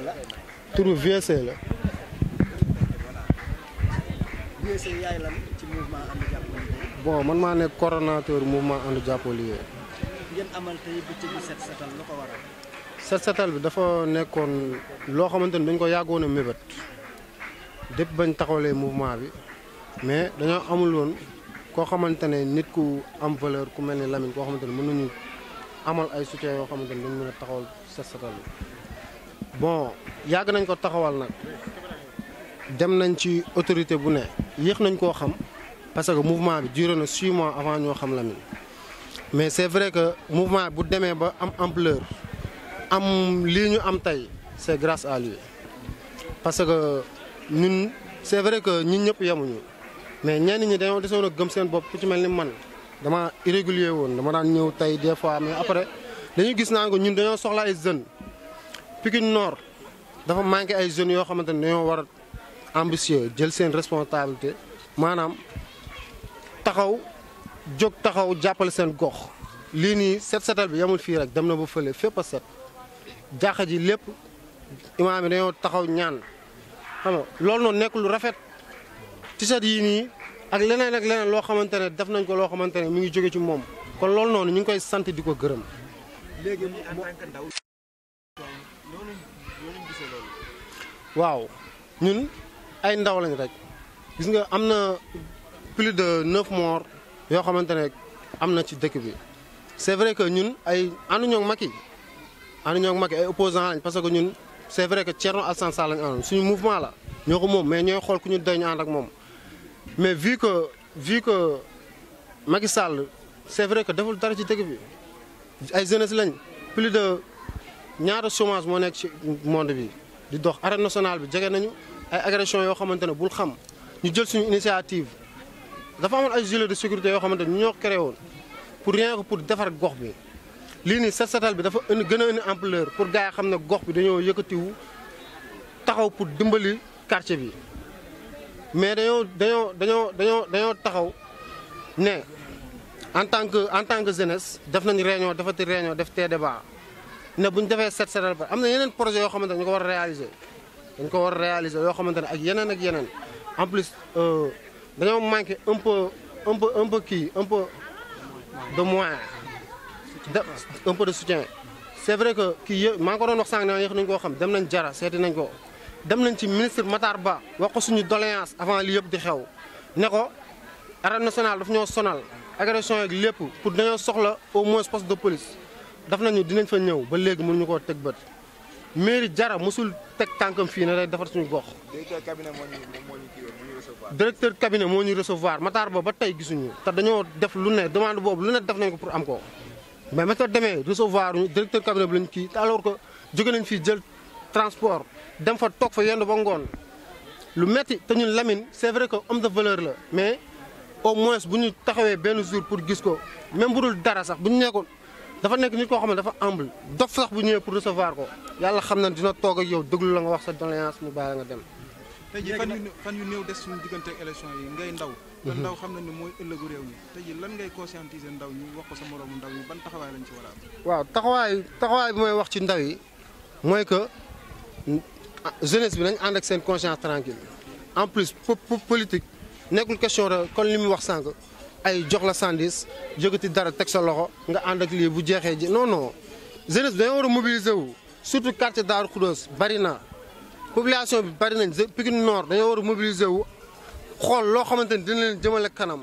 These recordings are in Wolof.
naka la. turu VC la. VC bon man maa nekk coronateur mouvement Andu Jàppale Liggéey. ngeen set setal bi dafa nekkoon loo xamante ni dañ ko yàggoon a mébét dépp bañ taxawlee mouvement bi mais dañoo amul woon koo xamante ne nit ku am valeur ku mel ni Lamine koo xamante ne mën nañu amal ay soutien yoo xamante ne dañ mën a taxawal set setal bi bon yàgg nañ ko taxawal nag dem nañ ci autorité bu ne yéex nañ koo xam parce que mouvement bi duré na six mois avant ñoo xam Lamine mais c'est vrai que mouvement bu demee ba am ampleur am lii ñu am tey c'est grâce à lui parce que ñun c'est vrai que ñun ñëpp yemuñu mais ñenn ñi dañoo desoon a gëm seen bopp ku ci mel ni man dama irrégulier woon dama daan ñëw tey des fois mais après dañu gis naa ko ñun dañoo soxla ay jeunes Pikine noor dafa manqué ay jeunes yoo xamante ne dañoo war a ambitieux jël seen responsabilité maanaam taxaw jóg taxaw jàppale seen gox. lii nii set setal bi yamul fii rek dem na ba fële fépp a set jàkka ji lépp imaam yi dañoo taxaw ñaan xam nga loolu noonu nekk lu rafet ci set yii nii ak leneen ak leneen loo xamante ne def nañ ko loo xamante ne mu ngi jóge ci moom kon loolu noonu ñu ngi koy sant di ko gërëm. léegi ndaw waaw ñun ay ndaw lañ rek gis nga am na plus de neuf morts yoo xamante ne am na ci dëkk bi c'est vrai que ñun ay ànduñoo ak Macky ànduñoo ak Macky ay opposants lañ parce que ñun c'est vrai que Thierno Alassane Sall lañ àndoon suñu mouvement la ñoo ko moom mais ñooy xool ku ñu doy ñu ànd moom mais vu que vu que Macky Sall c'est vrai que deful dara ci dëkk bi ay jeunesse lañ plus de ñaata chômage moo nekk ci monde bi di dox arène nationale bi jege nañu ay agression yoo xamante ne bul xam ñu jël suñu initiative dafa amoon ay gilet de sécurité yoo xamante ne ñoo créé woon pour rien que pour defar gox bi lii nii set setal bi dafa indi gën a indi ampleur pour gars yi xam ne gox bi dañoo yëkkatiwu taxaw pour dimbali quartier bi mais dañoo dañoo dañoo dañoo dañoo taxaw ne en tant que en tant que jeunesse def nañ réunion defati réunion def tee débat ne bu ñu defee set setal ba am na yeneen projet yoo xamante ne ñu ko war a dañ ko war a réaliser yoo xamante ne ak yeneen ak yeneen en plus euh, dañoo manqué un peu un kii un peu de moyen un peu de soutien c'est vrai que kii yë maa ngi ko doon wax sànq ne yéex nañu koo xam dem nañ jara seeti nañ ko dem nañ ci ministre Matar Ba wax ko suñu doléance avant li yëpp di xew ne ko arène nationale daf ñoo sonal agression yeeg lépp pour dañoo soxla au mois poste de police daf nañu dinañ fa ñëw ba léegi mënuñu koo teg bët mairie jara mosul teg tànkam fii ne day defar suñu gox. directeur cabinet moo ñu recevoir. directeur cabinet moo ñu recevoir Matar Ba ba tey gisuñu. te dañoo def lu ne demande boobu lu ne def nañ ko pour am ko mais ma demee recevoir ñu directeur cabinet bi lañ kii alors que jóge nañ fii jël transport dem fa toog fa yendu ba ngoon lu metti te ñun Lamine c'est vrai que homme de valeur la mais au moins bu ñu taxawee benn jour pour gis ko même bu dul dara sax bu ñu nekkoon. dafa nekk nit koo xam ne dafa humble dof sax bu ñëwee pour recevoir ko yàlla xam na dina toog ak yow déglu la nga wax sa doléance mu bàyyi la nga dem. tey jii fan yu fan des suñu diggante ak élection yi ngay ndaw. Mhm. te ndaw xam na ne mooy ëllëgu réew mi tey jii lan ngay conscientiser ndaw ñi wax ko sa moroomu ndaw ñi ban taxawaay lañ ci war a waaw taxawaay taxawaay bi may wax ci ndaw yi mooy que jeunesse bi nañ ànd ak seen conscience tranquille en plus politique nekkul question de kon li mu wax sànq ay jox la sandis jógati dara teg sa loxo nga ànd ak lii bu jeexee ji non non jeunesse bi war a mobiliser wu surtout quartier Darou Khoudoss bari na population bi bari nañ Pikine Nord dañoo war a mobiliser wu xool loo xamante ni dina leen jëmale kanam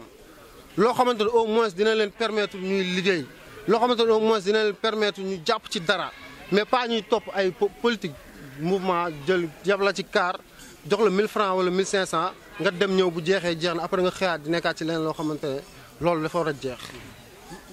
loo xamante ni au moins dina leen permettre ñuy liggéey loo xamante ni au moins dina leen permettre ñu jàpp ci dara mais pas ñuy topp ay politique mouvement jël yab la ci car jox la 1000 francs wala 1500. nga dem ñëw bu jeexee jeex na après nga xëyaat di nekkaat ci leneen loo xamante ne loolu dafa war a jeex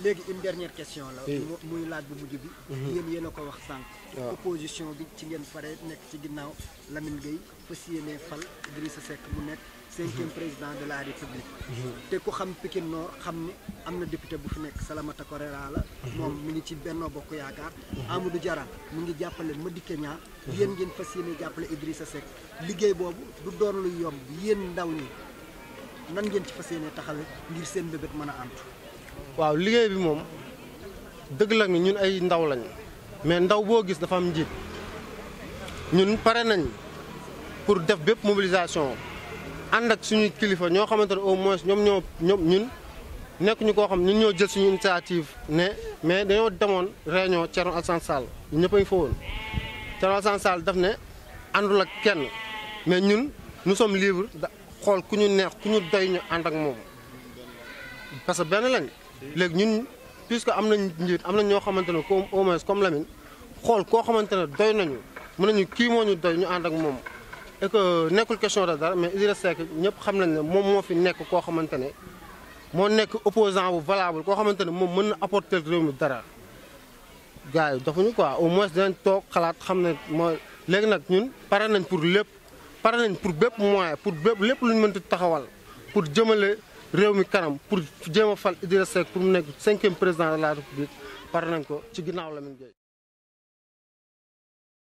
léegi une question la. muy laaj bu mujj bi. Mhm. yéen yéen a ko wax sànq. opposition bi ci ngeen pare nekk ci ginnaaw Lamine Gueye fas yéenee fal Idrissa Seck mu nekk. cinquième mhm. président de la république. Mhm. te ku xam Pikine Nord xam ni am na député bu fi nekk Salamata Korera la. moom mu ngi ci Benno Bokk Yaakaar. Amadou Diarra mu ngi jàppale Madické Niang. yéen ngeen fas yéene jàppale sa Seck liggéey boobu du doon lu yomb yéen ndaw ñi nan ngeen ci fas yéene taxawee ngir seen bébét mën a antu. waaw liggéey bi moom dëgg la mi ñun ay ndaw lañ mais ndaw boo gis dafa am njiit ñun pare nañ pour def bépp mobilisation ànd ak suñuy kilifa ñoo xamante ne au moins ñoom ñoo ñun nekk ñu koo xam ñun ñoo jël suñu initiative ne mais dañoo demoon réunion Thierno Alassane Sall ñu ñëpp a ngi fa woon Thierno ne àndul ak kenn mais ñun nous sommes libres xool ku ñu neex ku ñu doy ñu ànd ak moom parce que benn lañ léegi ñun puisque am nañ njiit am nañ ñoo xamante ne comme au moins comme Lamine xool koo xamante ne doy nañu mën nañu kii moo ñu doy ñu ànd ak moom. et que nekkul question de dara mais Idrissa Seck ñëpp xam nañ ne moom moo fi nekk koo xamante ne moo nekk opposant bu valable koo xamante ne moom mën na apporter réew mi dara. gars yi dafuñu quoi au moins dinañ toog xalaat xam ne mooy léegi nag ñun pare nañ pour lépp pare nañ pour bépp moins pour bépp lépp luñ mënti taxawal réew mi kanam pour jéem a fal Idrissa Seck pour mu nekk cinquième président de la république pare nañ ko ci ginnaaw Lamine Gueye